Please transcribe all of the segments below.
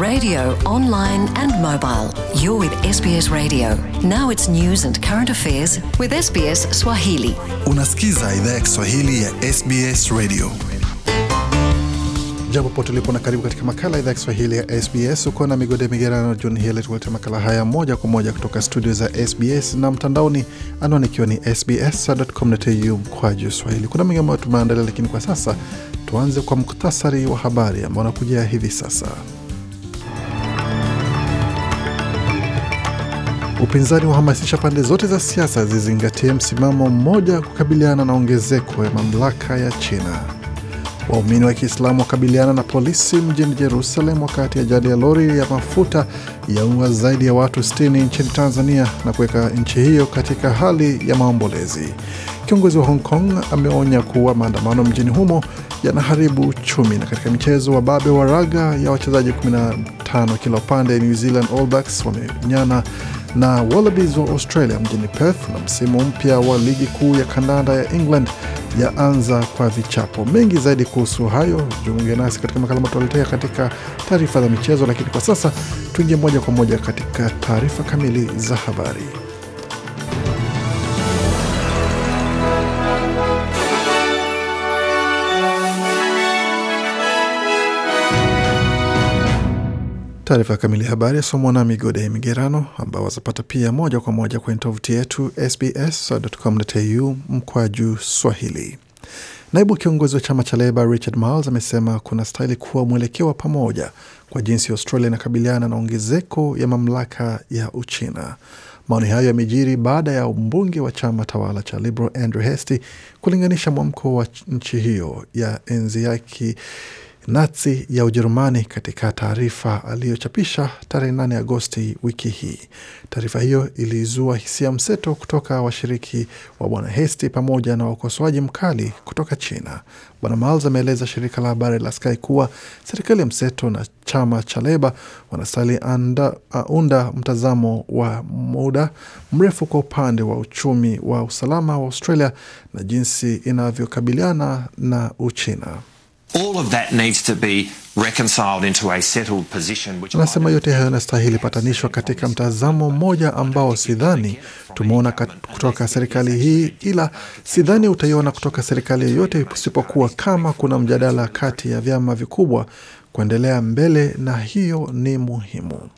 radio, online and mobile. You're with SBS Radio. Now it's news and current affairs with SBS Swahili. Unaskiza idhaa ya Kiswahili ya SBS Radio. Jambo pote ulipo na karibu katika makala idhaa ya Kiswahili ya SBS. Uko na migode migerano John Hele tukuleta makala haya moja kwa moja kutoka studio za SBS na mtandaoni, anwani ikiwa ni sbs.com.au mkwaju swahili. Kuna mengi ambayo tumeandalia, lakini kwa sasa tuanze kwa muktasari wa habari ambao unakujia hivi sasa. Upinzani wahamasisha pande zote za siasa zizingatie msimamo mmoja kukabiliana na ongezeko ya mamlaka ya China. Waumini wa Kiislamu wakabiliana na polisi mjini Jerusalem wakati ajali ya lori ya mafuta yaua zaidi ya watu 60 nchini Tanzania na kuweka nchi hiyo katika hali ya maombolezi. Kiongozi wa Hong Kong ameonya kuwa maandamano mjini humo yanaharibu uchumi. Na katika mchezo wa babe wa raga ya wachezaji 15 kila upande, New Zealand All Blacks wamenyana na Wallabies wa Australia mjini Perth, na msimu mpya wa ligi kuu ya kandanda ya England yaanza kwa vichapo. Mengi zaidi kuhusu hayo, jumuiya nasi katika makala matualetea katika taarifa za michezo, lakini kwa sasa tuingie moja kwa moja katika taarifa kamili za habari. Taarifa kamili ya habari asomwa na Migode Migerano, ambao wazapata pia moja kwa moja kwenye tovuti yetu sbs.com.au mkwa juu Swahili. Naibu kiongozi wa chama cha Leba Richard Marles amesema kuna stahili kuwa mwelekeo wa pamoja kwa jinsi Australia inakabiliana na ongezeko ya mamlaka ya Uchina. Maoni hayo yamejiri baada ya mbunge wa chama tawala cha Liberal Andrew Hastie kulinganisha mwamko wa nchi hiyo ya enzi yake Nazi ya Ujerumani katika taarifa aliyochapisha tarehe 8 Agosti wiki hii. Taarifa hiyo ilizua hisia mseto kutoka washiriki wa Bwana Hesti pamoja na ukosoaji mkali kutoka China. Bwana Malz ameeleza shirika la habari la Sky kuwa serikali ya mseto na chama cha Leba aunda uh, mtazamo wa muda mrefu kwa upande wa uchumi wa usalama wa Australia na jinsi inavyokabiliana na Uchina. Anasema yote hayo yanastahili patanishwa katika mtazamo mmoja ambao sidhani tumeona kutoka serikali hii, ila sidhani utaiona kutoka serikali yoyote, isipokuwa kama kuna mjadala kati ya vyama vikubwa kuendelea mbele na hiyo ni muhimu.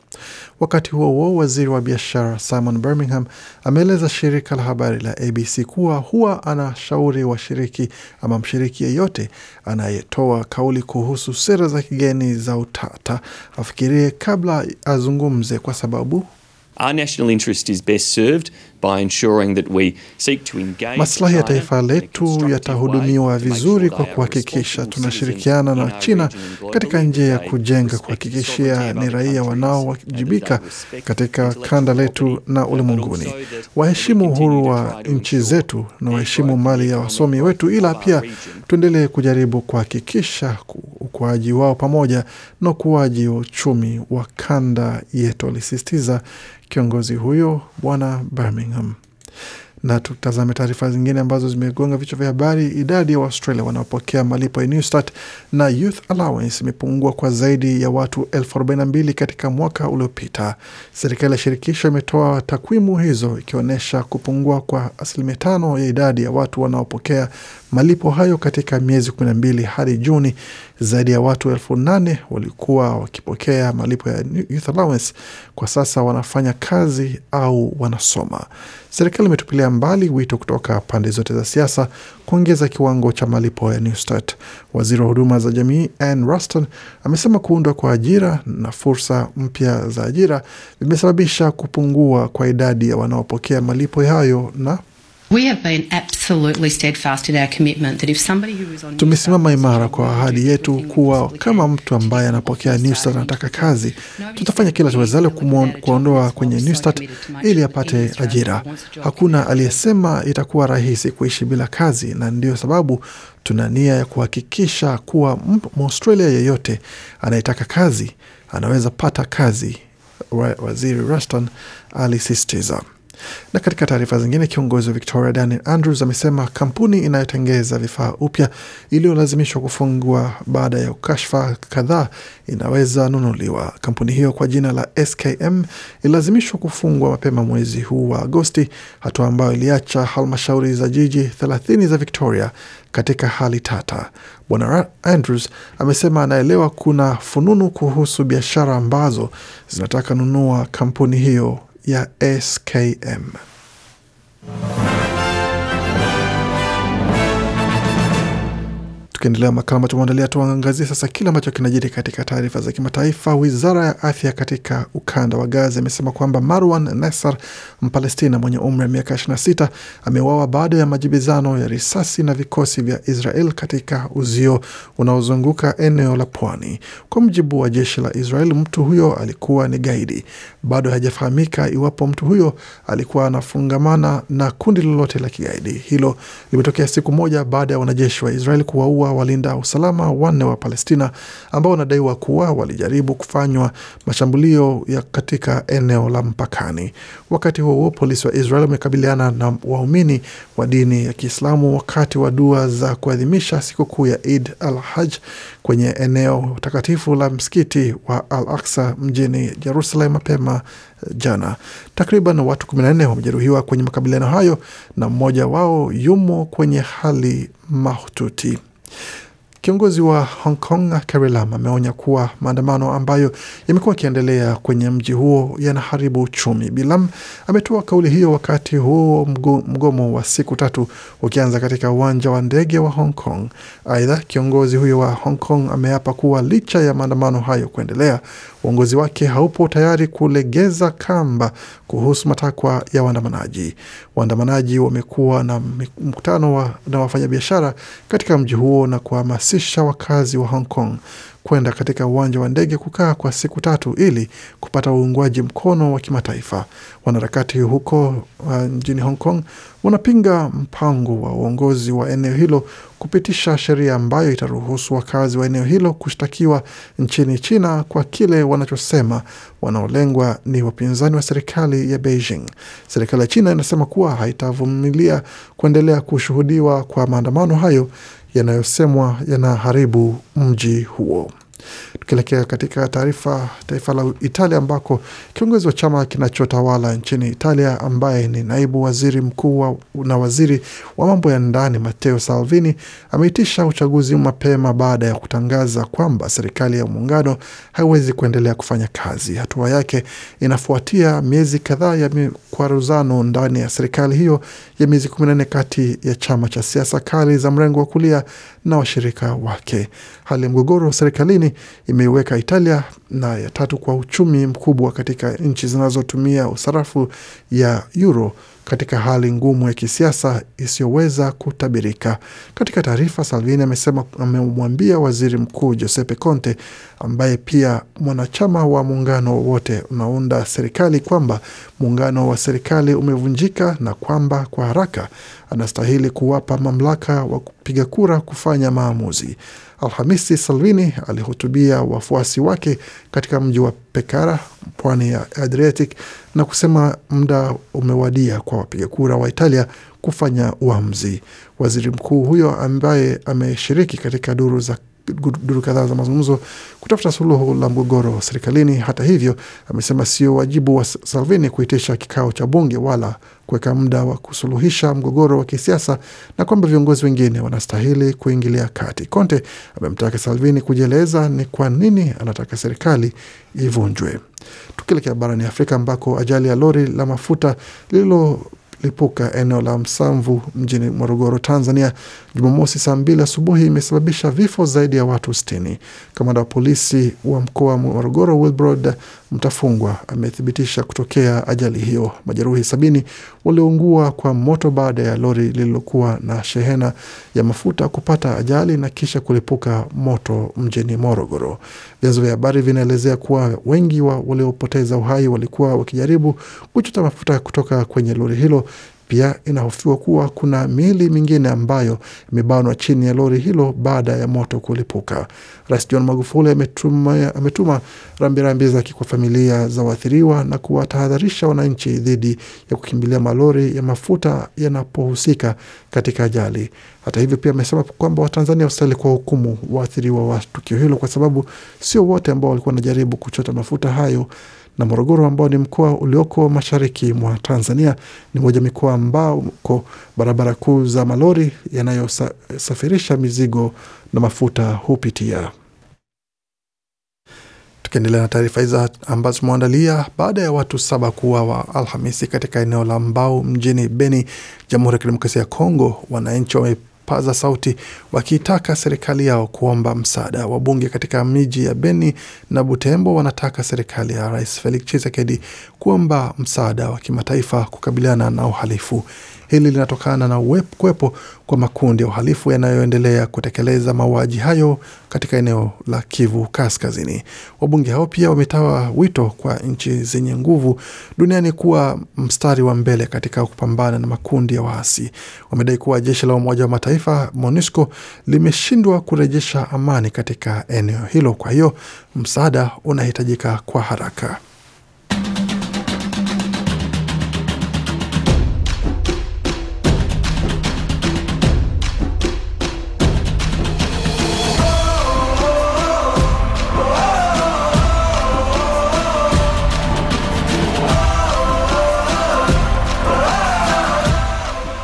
Wakati huo huo, waziri wa biashara Simon Birmingham ameeleza shirika la habari la ABC kuwa huwa anashauri washiriki ama mshiriki yeyote anayetoa kauli kuhusu sera za kigeni za utata afikirie kabla azungumze, kwa sababu Our national interest is best served Maslahi ya taifa letu yatahudumiwa vizuri kwa kuhakikisha tunashirikiana na China katika njia ya kujenga, kuhakikishia ni raia wanaowajibika katika kanda letu na ulimwenguni, waheshimu uhuru wa nchi zetu na waheshimu mali ya wasomi wetu, ila pia tuendelee kujaribu kuhakikisha ukuaji wao pamoja na ukuaji wa uchumi wa kanda yetu, alisisitiza kiongozi huyo Bwana Birmingham. Na tutazame taarifa zingine ambazo zimegonga vichwa vya habari. Idadi ya wa Waustralia wanaopokea malipo ya Newstart na Youth Allowance imepungua kwa zaidi ya watu elfu arobaini na mbili katika mwaka uliopita. Serikali ya shirikisho imetoa takwimu hizo ikionyesha kupungua kwa asilimia tano ya idadi ya watu wanaopokea malipo hayo katika miezi mbili hadi Juni. Zaidi ya watu elfu nane walikuwa wakipokea malipo ya youth allowance, kwa sasa wanafanya kazi au wanasoma. Serikali imetupilia mbali wito kutoka pande zote za siasa kuongeza kiwango cha malipo ya New Start. Waziri wa huduma za jamii Ann Ruston amesema kuundwa kwa ajira na fursa mpya za ajira vimesababisha kupungua kwa idadi ya wanaopokea malipo hayo na Tumesimama imara kwa ahadi yetu kuwa kama mtu ambaye anapokea Newstart anataka kazi, tutafanya kila tuwezalo kuondoa kwenye Newstart ili apate ajira. Hakuna aliyesema itakuwa rahisi kuishi bila kazi, na ndiyo sababu tuna nia ya kuhakikisha kuwa Mwaustralia yeyote anayetaka kazi anaweza pata kazi, Waziri Ruston alisisitiza. Na katika taarifa zingine, kiongozi wa Victoria Daniel Andrews amesema kampuni inayotengeza vifaa upya iliyolazimishwa kufungwa baada ya kashfa kadhaa inaweza nunuliwa. Kampuni hiyo kwa jina la SKM ililazimishwa kufungwa mapema mwezi huu wa Agosti, hatua ambayo iliacha halmashauri za jiji 30 za Victoria katika hali tata. Bwana Andrews amesema anaelewa kuna fununu kuhusu biashara ambazo zinataka nunua kampuni hiyo ya SKM. Tukiendelea makala ambacho tumeandalia, tuangazie sasa kile ambacho kinajiri katika taarifa za kimataifa. Wizara ya afya katika ukanda wa Gaza imesema kwamba Marwan Nassar, Mpalestina mwenye umri wa miaka 26, ameuawa baada ya majibizano ya risasi na vikosi vya Israel katika uzio unaozunguka eneo la pwani. Kwa mujibu wa jeshi la Israel, mtu huyo alikuwa ni gaidi. Bado hajafahamika iwapo mtu huyo alikuwa anafungamana na kundi lolote la kigaidi. Hilo limetokea siku moja baada ya wanajeshi wa Israel kuwaua walinda usalama wanne wa Palestina ambao wanadaiwa kuwa walijaribu kufanywa mashambulio ya katika eneo la mpakani. Wakati huo huo, polisi wa Israel wamekabiliana na waumini wa dini ya Kiislamu wakati wa dua za kuadhimisha sikukuu ya id al haj kwenye eneo takatifu la msikiti wa al aksa mjini Jerusalem mapema jana. Takriban watu 14 wamejeruhiwa kwenye makabiliano hayo na mmoja wao yumo kwenye hali mahututi. Kiongozi wa Hong Kong Carrie Lam ameonya kuwa maandamano ambayo yamekuwa yakiendelea kwenye mji huo yanaharibu uchumi. Bilam ametoa kauli hiyo wakati huo mgomo wa siku tatu ukianza katika uwanja wa ndege wa Hong Kong. Aidha, kiongozi huyo wa Hong Kong ameapa kuwa licha ya maandamano hayo kuendelea, uongozi wake haupo tayari kulegeza kamba kuhusu matakwa ya waandamanaji. Waandamanaji wamekuwa na mkutano wa, na wafanyabiashara katika mji huo na kuhamasisha wakazi wa Hong Kong kwenda katika uwanja wa ndege kukaa kwa siku tatu ili kupata uungwaji mkono wa kimataifa. Wanaharakati huko uh, mjini Hong Kong wanapinga mpango wa uongozi wa eneo hilo kupitisha sheria ambayo itaruhusu wakazi wa eneo hilo kushtakiwa nchini China kwa kile wanachosema wanaolengwa ni wapinzani wa serikali ya Beijing. Serikali ya China inasema kuwa haitavumilia kuendelea kushuhudiwa kwa maandamano hayo yanayosemwa yanaharibu mji huo. Tukielekea katika taarifa taifa la Italia ambako kiongozi wa chama kinachotawala nchini Italia ambaye ni naibu waziri mkuu wa, na waziri wa mambo ya ndani Matteo Salvini ameitisha uchaguzi mapema baada ya kutangaza kwamba serikali ya muungano haiwezi kuendelea kufanya kazi. Hatua yake inafuatia miezi kadhaa ya mikwaruzano ndani ya serikali hiyo ya miezi 14 kati ya chama cha siasa kali za mrengo wa kulia na washirika wake. Hali ya mgogoro serikalini imeiweka Italia na ya tatu kwa uchumi mkubwa katika nchi zinazotumia sarafu ya euro katika hali ngumu ya kisiasa isiyoweza kutabirika. Katika taarifa, Salvini amesema amemwambia waziri mkuu Giuseppe Conte, ambaye pia mwanachama wa muungano wote unaunda serikali, kwamba muungano wa serikali umevunjika na kwamba kwa haraka anastahili kuwapa mamlaka wa kupiga kura kufanya maamuzi. Alhamisi Salvini alihutubia wafuasi wake katika mji wa Pekara, pwani ya Adriatic, na kusema muda umewadia kwa wapiga kura wa Italia kufanya uamuzi. Waziri mkuu huyo ambaye ameshiriki katika duru za duru kadhaa za mazungumzo kutafuta suluhu la mgogoro serikalini. Hata hivyo, amesema sio wajibu wa Salvini kuitisha kikao cha bunge wala kuweka muda wa kusuluhisha mgogoro wa kisiasa na kwamba viongozi wengine wanastahili kuingilia kati. Conte amemtaka Salvini kujieleza ni kwa nini anataka serikali ivunjwe. Tukielekea barani Afrika ambako ajali ya lori la mafuta lililo lipuka eneo la Msamvu mjini Morogoro, Tanzania Jumamosi saa mbili asubuhi imesababisha vifo zaidi ya watu sitini. Kamanda wa polisi wa mkoa wa Morogoro Wilbrod Mtafungwa amethibitisha kutokea ajali hiyo. Majeruhi sabini walioungua kwa moto baada ya lori lililokuwa na shehena ya mafuta kupata ajali na kisha kulipuka moto mjini Morogoro. Vyanzo vya habari vinaelezea kuwa wengi wa waliopoteza uhai walikuwa wakijaribu kuchota mafuta kutoka kwenye lori hilo pia inahofiwa kuwa kuna miili mingine ambayo imebanwa chini ya lori hilo baada ya moto kulipuka. Rais John Magufuli ametuma, ametuma rambirambi zake kwa familia za waathiriwa na kuwatahadharisha wananchi dhidi ya kukimbilia malori ya mafuta yanapohusika katika ajali. Hata hivyo, pia amesema kwamba Watanzania wastahili kwa hukumu waathiriwa wa tukio hilo, kwa sababu sio wote ambao walikuwa wanajaribu kuchota mafuta hayo na Morogoro ambao ni mkoa ulioko mashariki mwa Tanzania. Ni moja mikoa ambako barabara kuu za malori yanayosafirisha mizigo na mafuta hupitia. Tukiendelea na taarifa hizo ambazo tumeandalia, baada ya watu saba kuuawa Alhamisi katika eneo la Mbau mjini Beni, Jamhuri ya Kidemokrasia ya Kongo, wananchi wame paza sauti wakiitaka serikali yao kuomba msaada. Wabunge katika miji ya Beni na Butembo wanataka serikali ya Rais Felix Tshisekedi kuomba msaada wa kimataifa kukabiliana na uhalifu. Hili linatokana na kuwepo kwa makundi ya uhalifu yanayoendelea kutekeleza mauaji hayo katika eneo la Kivu Kaskazini. Wabunge hao pia wametoa wito kwa nchi zenye nguvu duniani kuwa mstari wa mbele katika kupambana na makundi ya waasi. Wamedai kuwa jeshi la Umoja wa Mataifa MONUSCO limeshindwa kurejesha amani katika eneo hilo, kwa hiyo msaada unahitajika kwa haraka.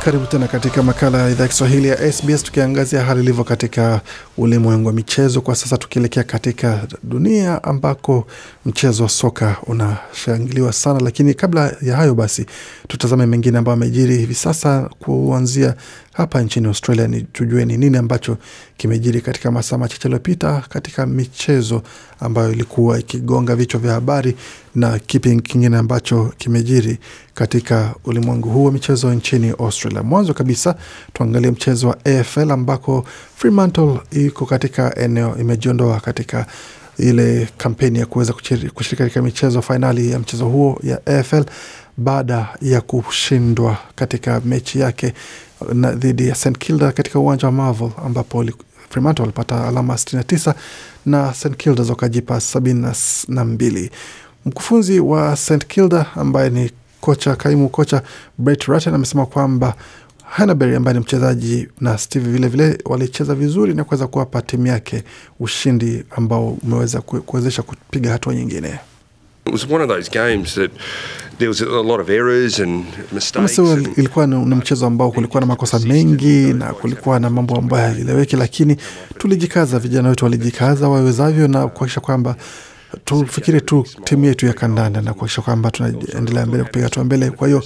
Karibu tena katika makala ya idhaa ya Kiswahili ya SBS tukiangazia hali ilivyo katika ulimwengu wa michezo kwa sasa, tukielekea katika dunia ambako mchezo wa soka unashangiliwa sana. Lakini kabla ya hayo basi, tutazame mengine ambayo amejiri hivi sasa, kuanzia hapa nchini Australia, ni tujue ni nini ambacho kimejiri katika masaa machache yaliyopita katika michezo ambayo ilikuwa ikigonga vichwa vya habari na kipi kingine ambacho kimejiri katika ulimwengu huu wa michezo nchini Australia. Mwanzo kabisa tuangalie mchezo wa AFL ambako Fremantle iko katika eneo, imejiondoa katika ile kampeni ya kuweza kushiriki katika michezo fainali ya mchezo huo ya AFL baada ya kushindwa katika mechi yake dhidi ya St Kilda katika uwanja wa Marvel ambapo Fremantle walipata alama 69 na St Kilda wakajipa 72. Mkufunzi wa St Kilda ambaye ni kocha kaimu kocha Brett Ratten amesema kwamba Hanbury ambaye ni mchezaji na Steve vilevile walicheza vizuri na kuweza kuwapa timu yake ushindi ambao umeweza kuwezesha kupiga hatua nyingine. Ilikuwa ni mchezo ambao kulikuwa na makosa mengi na kulikuwa na mambo ambayo yalieleweki, lakini tulijikaza, vijana wetu walijikaza wawezavyo na kuhakikisha kwamba tufikire tu timu yetu ya kandanda na kuakisha kwamba tunaendelea mbele kupiga hatua mbele. Kwa hiyo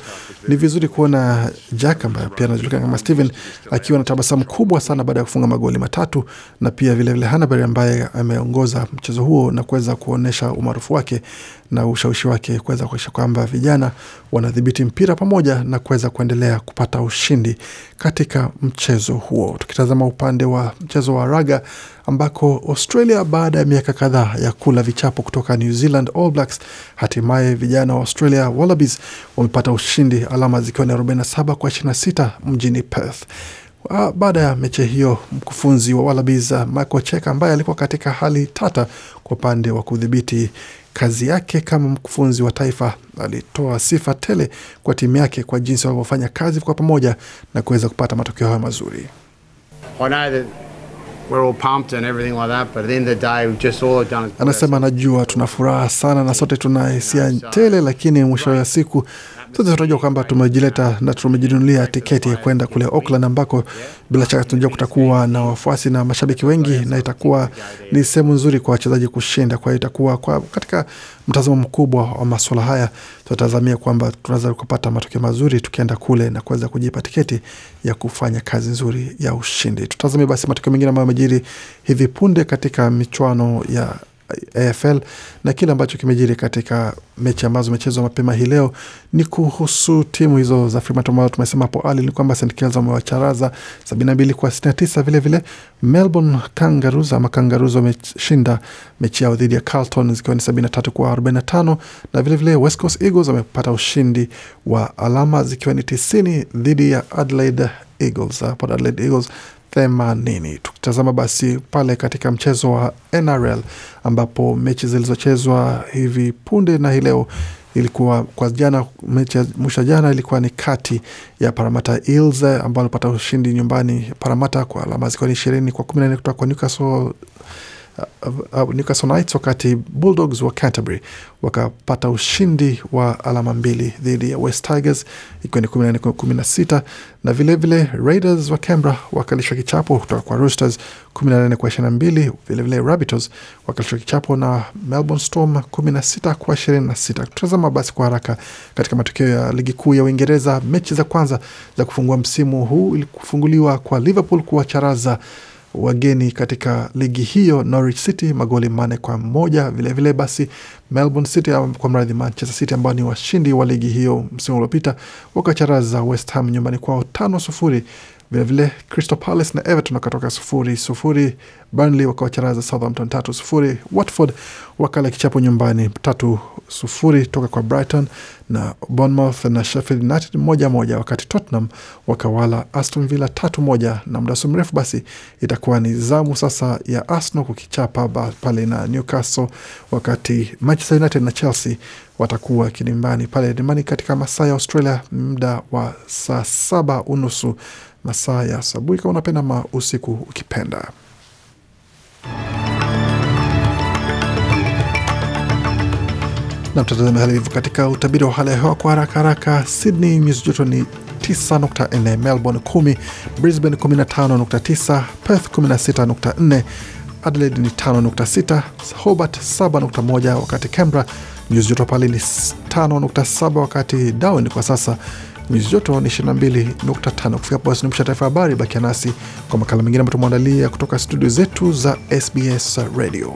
ni vizuri kuona Jack ambaye pia anajulikana kama Steven akiwa na tabasamu kubwa sana baada ya kufunga magoli matatu, na pia vilevile Hanabary ambaye ameongoza mchezo huo na kuweza kuonyesha umaarufu wake na ushawishi wake kuweza kuakisha kwamba vijana wanadhibiti mpira pamoja na kuweza kuendelea kupata ushindi katika mchezo huo. Tukitazama upande wa mchezo wa raga ambako Australia baada ya miaka kadhaa ya kula vichapo kutoka New Zealand All Blacks, hatimaye vijana wa Australia Wallabies wamepata ushindi, alama zikiwa ni 47 kwa 26 mjini Perth. Ah, baada ya mechi hiyo, mkufunzi wa Wallabies ah, Michael Cheika ambaye alikuwa katika hali tata kwa upande wa kudhibiti kazi yake kama mkufunzi wa taifa. Alitoa sifa tele kwa timu yake kwa jinsi wanavyofanya kazi kwa pamoja na kuweza kupata matokeo hayo mazuri. Anasema, najua tuna furaha sana na sote tuna hisia tele, lakini mwisho ya siku sasa tunajua kwamba tumejileta na tumejinunulia tiketi ya kwenda kule Auckland, ambako bila shaka tunajua kutakuwa na wafuasi na mashabiki wengi, na itakuwa ni sehemu nzuri kwa wachezaji kushinda. Kwa hiyo itakuwa kwa katika mtazamo mkubwa wa masuala haya, tunatazamia kwamba tunaweza kupata matokeo mazuri tukienda kule na kuweza kujipa tiketi ya kufanya kazi nzuri ya ushindi. Tutazamia basi matokeo mengine ambayo yamejiri hivi punde katika michuano ya AFL na kile ambacho kimejiri katika mechi ambazo imechezwa mapema hii leo ni kuhusu timu hizo za Fremantle ambazo tumesema hapo awali ni kwamba St Kilda wamewacharaza 72 kwa 69. Vilevile Melbourne Kangaroos ama Kangaroos wameshinda mechi yao dhidi ya Carlton zikiwa ni 73 kwa 45, na vilevile West Coast Eagles wamepata ushindi wa alama zikiwa ni 90 dhidi ya Adelaide Eagles. Hapo Adelaide Eagles themanini. Tukitazama basi pale katika mchezo wa NRL ambapo mechi zilizochezwa hivi punde na hii leo ilikuwa kwa jana, mechi ya mwisho jana ilikuwa ni kati ya Parramatta Eels ambao alipata ushindi nyumbani Parramatta kwa alama zikiwa ni ishirini kwa kumi na nne kutoka kwa Newcastle uh, uh, Newcastle Knights, wakati Bulldogs wa Canterbury wakapata ushindi wa alama mbili dhidi ya West Tigers ikiwa ni 14 kwa 16, na vilevile vile Raiders wa Canberra wakalishwa kichapo kutoka kwa Roosters 14 kwa 22. Vilevile Rabbitohs wakalishwa kichapo na Melbourne Storm 16 kwa 26. Tutazama basi kwa haraka katika matokeo ya ligi kuu ya Uingereza. Mechi za kwanza za kufungua msimu huu ilifunguliwa kwa Liverpool kuwacharaza wageni katika ligi hiyo, Norwich City magoli manne kwa moja. Vilevile vile basi Melbourne City kwa mradhi Manchester City ambao ni washindi wa ligi hiyo msimu uliopita wakacharaza West Ham nyumbani kwao tano sufuri Vilevile Crystal Palace na Everton wakatoka sufuri sufuri, Burnley wakawacharaza Southampton tatu sufuri, Watford wakala kichapo nyumbani tatu sufuri toka kwa Brighton na Bournemouth na Sheffield United moja moja, wakati Tottenham wakawala Aston Villa tatu moja. Na muda si mrefu basi itakuwa ni zamu sasa ya Arsenal kukichapa pale na Newcastle, wakati Manchester United na Chelsea watakuwa kidimbani pale dimani katika masaa ya Australia muda wa saa saba unusu masaa ya asubuhi kama unapenda, ma usiku ukipenda. Namtazame hali ilivyo katika utabiri wa hali ya hewa kwa haraka haraka. Sydney nyuzi joto ni 9.4, Melbourne 10, Brisbane 15.9, Perth 16.4, Adelaide ni 5.6, Hobart 7.1, wakati Canberra nyuzi joto pale ni 5.7, wakati Darwin kwa sasa nyuzi joto ni 22.5. Kufika hapo basi nipisha taarifa habari, bakia nasi kwa makala mengine ambayo tumeandalia kutoka studio zetu za SBS Radio.